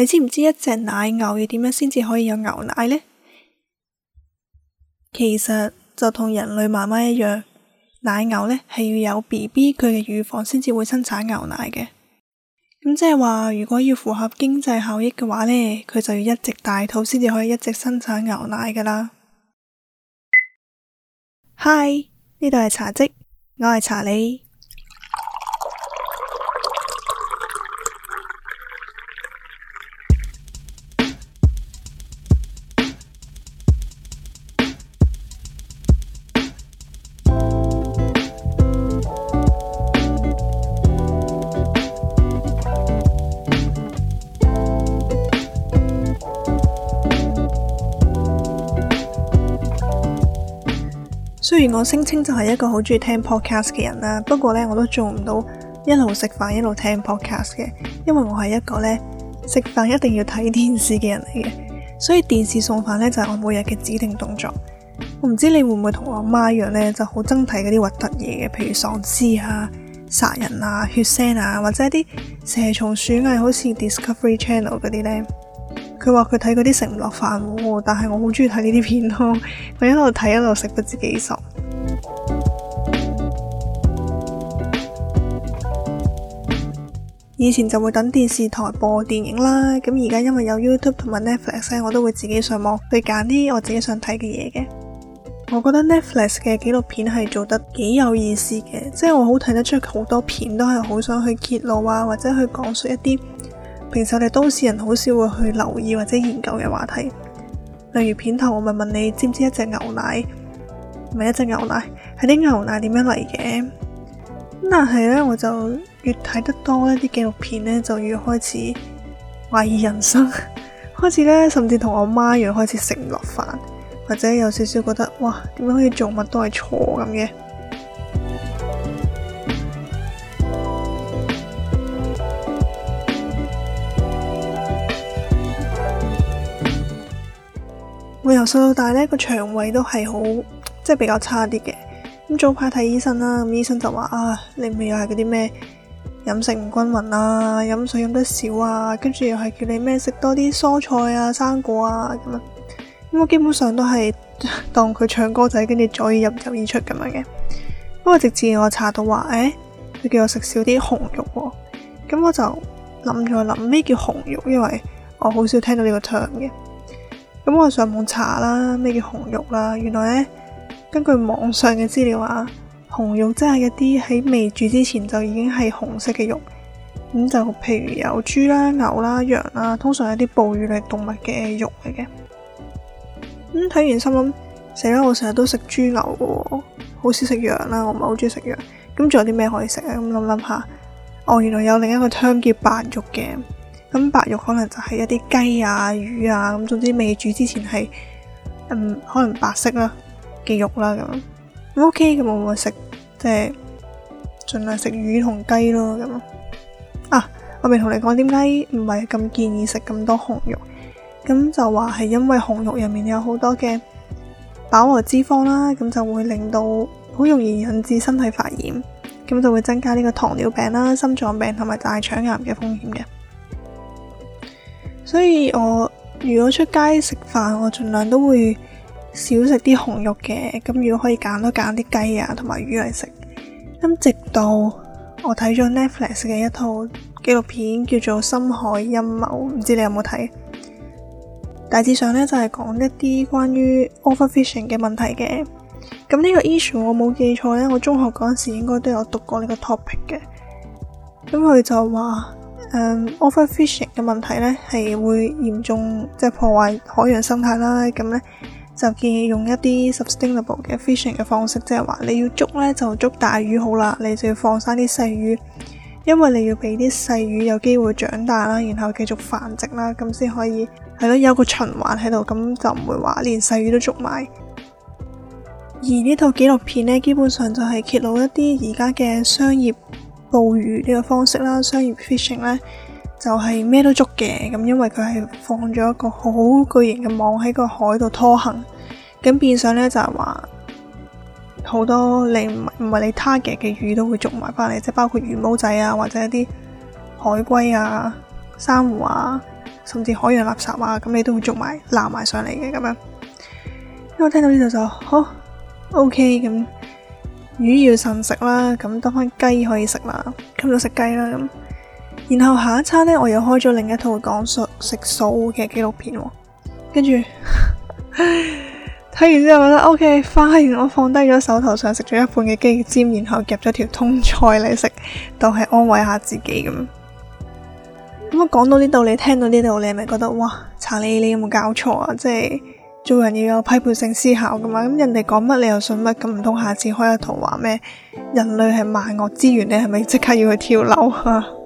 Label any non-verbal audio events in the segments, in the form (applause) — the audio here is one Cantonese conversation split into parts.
你知唔知一隻奶牛要點樣先至可以有牛奶呢？其實就同人類媽媽一樣，奶牛呢係要有 BB，佢嘅乳房先至會生產牛奶嘅。咁即係話，如果要符合經濟效益嘅話呢，佢就要一直大肚先至可以一直生產牛奶㗎喇。Hi，呢度係茶織，我係茶理。雖然我聲稱就係一個好中意聽 podcast 嘅人啦，不過呢，我都做唔到一路食飯一路聽 podcast 嘅，因為我係一個呢，食飯一定要睇電視嘅人嚟嘅，所以電視送飯呢，就係我每日嘅指定動作。我唔知你會唔會同我媽一樣呢，就好憎睇嗰啲核突嘢嘅，譬如喪屍啊、殺人啊、血腥啊，或者啲蛇蟲鼠蟻，好似 Discovery Channel 嗰啲呢。佢話佢睇嗰啲食唔落飯喎，但係我好中意睇呢啲片咯。佢一路睇一路食，不知幾爽。 (music) 以前就會等電視台播電影啦，咁而家因為有 YouTube 同埋 Netflix 我都會自己上網去揀啲我自己想睇嘅嘢嘅。我覺得 Netflix 嘅紀錄片係做得幾有意思嘅，即係我好睇得出好多片都係好想去揭露啊，或者去講述一啲平時我哋都市人好少會去留意或者研究嘅話題，例如片頭我咪問你知唔知一隻牛奶唔係一隻牛奶，係啲牛奶點樣嚟嘅？但係呢，我就越睇得多一啲紀錄片呢，就越開始懷疑人生，開始呢，甚至同我媽一樣開始食唔落飯，或者有少少覺得哇點樣可以做乜都係錯咁嘅。我由細到大咧個腸胃都係好即係比較差啲嘅。咁早排睇醫生啦，咁醫生就話啊，你咪又係嗰啲咩飲食唔均勻啦、啊，飲水飲得少啊，跟住又係叫你咩食多啲蔬菜啊、生果啊咁樣。咁我基本上都係當佢唱歌仔，跟住左耳入右耳出咁樣嘅。不過直至我查到話，誒、欸，佢叫我食少啲紅肉，咁我就諗咗諗咩叫紅肉，因為我好少聽到呢個 term 嘅。咁我上網查啦，咩叫紅肉啦？原來呢，根據網上嘅資料啊，紅肉真係一啲喺未煮之前就已經係紅色嘅肉。咁、嗯、就譬如有豬啦、牛啦、羊啦，通常係啲哺乳類動物嘅肉嚟嘅。咁、嗯、睇完心諗，死啦！我成日都食豬牛嘅喎，好少食羊啦，我唔係好中意食羊。咁仲有啲咩可以食啊？咁諗諗下，哦，原來有另一個湯叫白肉嘅。咁白肉可能就係一啲雞啊、魚啊，咁總之未煮之前係嗯可能白色啦嘅肉啦咁 OK 咁我會食即係盡量食魚同雞咯咁啊。我咪同你講點解唔係咁建議食咁多紅肉？咁就話係因為紅肉入面有好多嘅飽和脂肪啦，咁就會令到好容易引致身體發炎，咁就會增加呢個糖尿病啦、心臟病同埋大腸癌嘅風險嘅。所以我如果出街食飯，我盡量都會少食啲紅肉嘅。咁如果可以揀，都揀啲雞啊同埋魚嚟食。咁直到我睇咗 Netflix 嘅一套紀錄片，叫做《深海陰謀》，唔知你有冇睇？大致上咧就係、是、講一啲關於 overfishing 嘅問題嘅。咁呢個 issue 我冇記錯咧，我中學嗰陣時應該都有讀過呢個 topic 嘅。咁佢就話。誒、um, overfishing 嘅問題呢，係會嚴重即係、就是、破壞海洋生態啦。咁呢，就建議用一啲 sustainable 嘅 fishing 嘅方式，即係話你要捉呢，就捉大魚好啦，你就要放生啲細魚，因為你要俾啲細魚有機會長大啦，然後繼續繁殖啦，咁先可以係咯，有個循環喺度，咁就唔會話連細魚都捉埋。而呢套紀錄片呢，基本上就係揭露一啲而家嘅商業。捕魚呢個方式啦，商業 fishing 咧就係、是、咩都捉嘅，咁因為佢係放咗一個好巨型嘅網喺個海度拖行，咁變相咧就係話好多你唔唔係你 target 嘅魚都會捉埋翻嚟，即係包括魚毛仔啊，或者啲海龜啊、珊瑚啊，甚至海洋垃圾啊，咁你都會捉埋撈埋上嚟嘅咁樣。因為我聽到呢度就，好 OK 咁。Okay, 魚要慎食啦，咁得翻雞可以食啦，咁就食雞啦咁。然後下一餐呢，我又開咗另一套講述食素嘅紀錄片，跟住唉，睇 (laughs) 完之後覺得 OK，發現我放低咗手頭上食咗一半嘅雞尖，然後夾咗條通菜嚟食，就係安慰下自己咁。咁我講到呢度，你聽到呢度，你係咪覺得哇，查理你有冇搞錯啊？即係。做人要有批判性思考噶嘛，咁人哋講乜你又信乜，咁唔通下次開個圖話咩？人類係萬惡之源，你係咪即刻要去跳樓啊？ (laughs)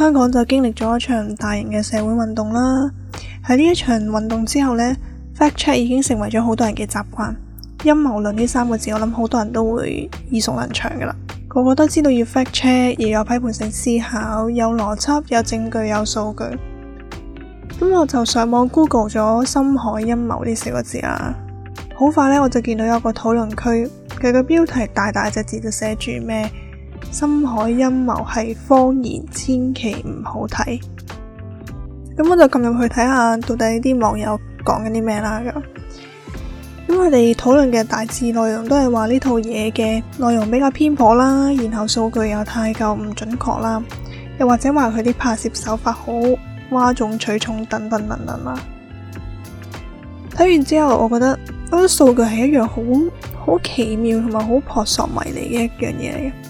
香港就經歷咗一場大型嘅社會運動啦。喺呢一場運動之後呢，fact check 已經成為咗好多人嘅習慣。陰謀論呢三個字，我諗好多人都會耳熟能詳噶啦。個個都知道要 fact check，要有批判性思考，有邏輯，有證據，有數據。咁我就上網 Google 咗“深海陰謀”呢四個字啦。好快呢，我就見到有個討論區，佢個標題大大隻字就寫住咩？深海陰謀係謊言，千祈唔好睇。咁我就撳入去睇下，到底啲網友講緊啲咩啦咁。咁佢哋討論嘅大致內容都係話呢套嘢嘅內容比較偏頗啦，然後數據又太過唔準確啦，又或者話佢啲拍攝手法好嘩眾取寵，等等等等啦。睇完之後，我覺得嗰啲數據係一樣好好奇妙同埋好撲朔迷離嘅一樣嘢嚟嘅。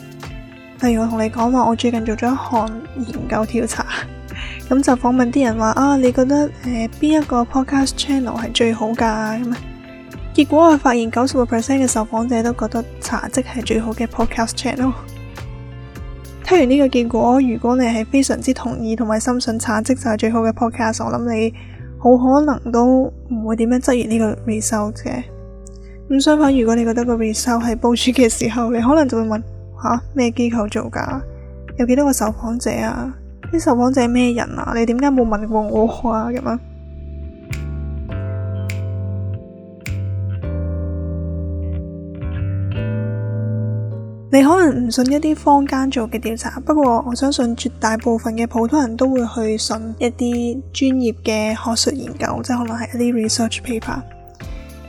例如我同你講話，我最近做咗一項研究調查，咁 (laughs) 就訪問啲人話啊，你覺得誒邊、呃、一個 podcast channel 係最好㗎？咁、嗯、結果我發現九十 percent 嘅受訪者都覺得查積係最好嘅 podcast channel。 (laughs) 聽完呢個結果，如果你係非常之同意同埋深信查積就係最好嘅 podcast，我諗你好可能都唔會點樣質疑呢個 result 嘅。咁相反，如果你覺得個 result 係報主嘅時候，你可能就會問。吓？咩機構做噶？有幾多個受訪者啊？啲受訪者咩人啊？你點解冇問過我啊？咁啊？你可能唔信一啲坊間做嘅調查，不過我相信絕大部分嘅普通人都會去信一啲專業嘅學術研究，即係可能係一啲 research paper，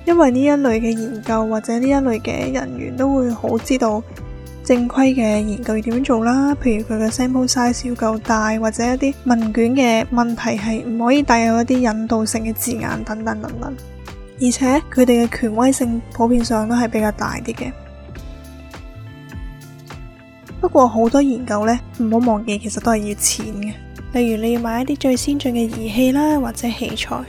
因為呢一類嘅研究或者呢一類嘅人員都會好知道。正規嘅研究要點樣做啦。譬如佢嘅 sample size 要夠大，或者一啲問卷嘅問題係唔可以帶有一啲引導性嘅字眼等等等等。而且佢哋嘅權威性普遍上都係比較大啲嘅。不過好多研究呢，唔好忘記其實都係要錢嘅。例如你要買一啲最先進嘅儀器啦，或者器材。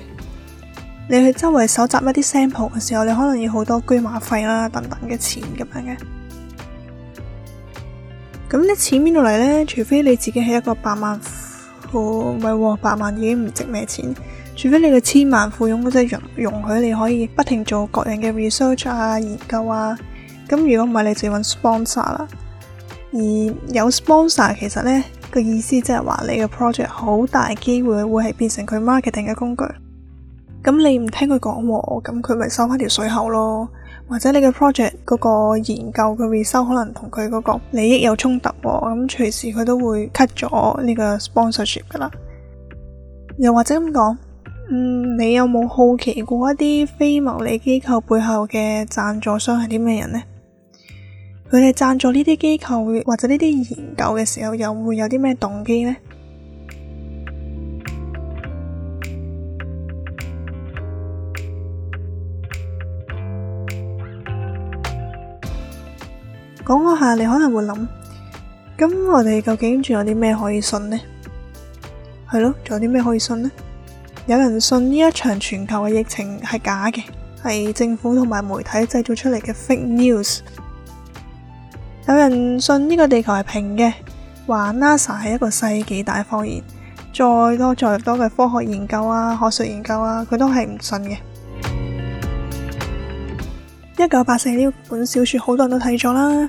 你去周圍搜集一啲 sample 嘅時候，你可能要好多車馬費啦，等等嘅錢咁樣嘅。咁啲錢邊度嚟呢？除非你自己係一個百萬富，唔係喎，百萬已經唔值咩錢。除非你個千萬富翁嗰隻容容許你可以不停做各樣嘅 research 啊、研究啊。咁如果唔係，你就要揾 sponsor 啦。而有 sponsor 其實呢個意思即係話你個 project 好大機會會係變成佢 marketing 嘅工具。咁你唔聽佢講喎，咁佢咪收翻條水喉咯？或者你嘅 project 嗰個研究嘅 result，可能同佢嗰個利益有衝突喎，咁隨時佢都會 cut 咗呢個 sponsorship 噶啦。又或者咁講，嗯，你有冇好奇過一啲非牟利機構背後嘅讚助商係啲咩人呢？佢哋讚助呢啲機構或者呢啲研究嘅時候，又會有啲咩動機呢？講開下，你可能會諗，咁我哋究竟仲有啲咩可以信呢？係咯，仲有啲咩可以信呢？有人信呢一場全球嘅疫情係假嘅，係政府同埋媒體製造出嚟嘅 fake news。有人信呢個地球係平嘅，話 NASA 係一個世紀大謊言。再多再多嘅科學研究啊、學術研究啊，佢都係唔信嘅。一九八四呢本小說好多人都睇咗啦，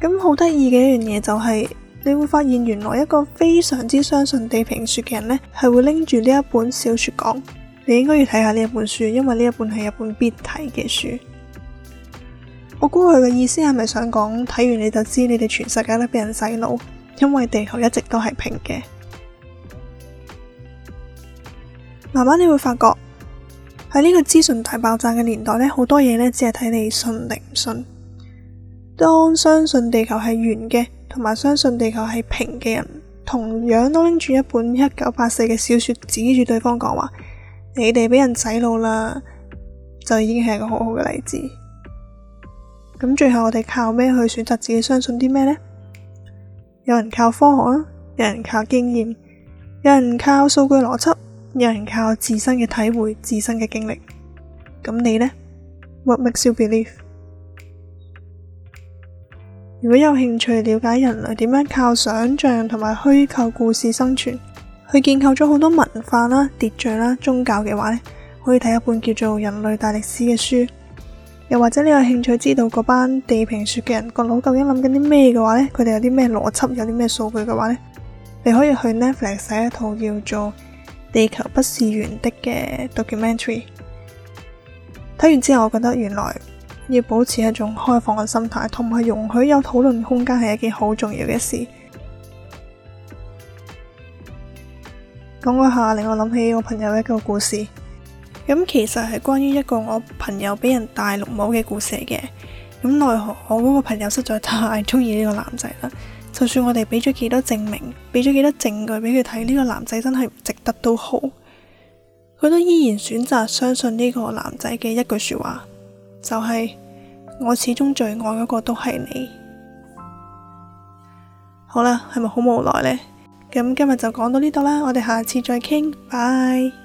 咁好得意嘅一樣嘢，就係你會發現原來一個非常之相信地平說嘅人呢，係會拎住呢一本小說講，你應該要睇下呢一本書，因為呢一本係一本必睇嘅書。我估佢嘅意思係咪想講，睇完你就知你哋全世界都俾人洗腦，因為地球一直都係平嘅。慢慢你會發覺。喺呢個資訊大爆炸嘅年代呢，好多嘢呢只係睇你信定唔信。當相信地球係圓嘅，同埋相信地球係平嘅人，同樣都拎住一本一九八四嘅小說，指住對方講話，你哋俾人洗腦啦，就已經係一個好好嘅例子。咁最後我哋靠咩去選擇自己相信啲咩呢？有人靠科學啊，有人靠經驗，有人靠數據邏輯。有人靠自身嘅體會、自身嘅經歷。咁你呢？What makes you believe？ (noise) 如果有興趣了解人類點樣靠想像同埋虛構故事生存，去建構咗好多文化啦、秩序啦、宗教嘅話呢，可以睇一本叫做《人類大歷史》嘅書。又或者你有興趣知道嗰班地平說嘅人個腦究竟諗緊啲咩嘅話呢，佢哋有啲咩邏輯，有啲咩數據嘅話呢，你可以去 Netflix 睇一套叫做。地球不是圓的嘅 documentary，睇完之後我覺得原來要保持一種開放嘅心態，同埋容許有討論空間係一件好重要嘅事。講開下令我諗起我朋友一個故事，咁、嗯、其實係關於一個我朋友俾人戴綠帽嘅故事嚟嘅。咁奈何我嗰個朋友實在太中意呢個男仔啦。就算我哋畀咗幾多證明，畀咗幾多證據畀佢睇，呢個男仔真係唔值得都好，佢都依然選擇相信呢個男仔嘅一句說話，就係我始終最愛嗰個都係你。好啦，係咪好無奈呢？咁今日就講到呢度啦，我哋下次再傾，拜。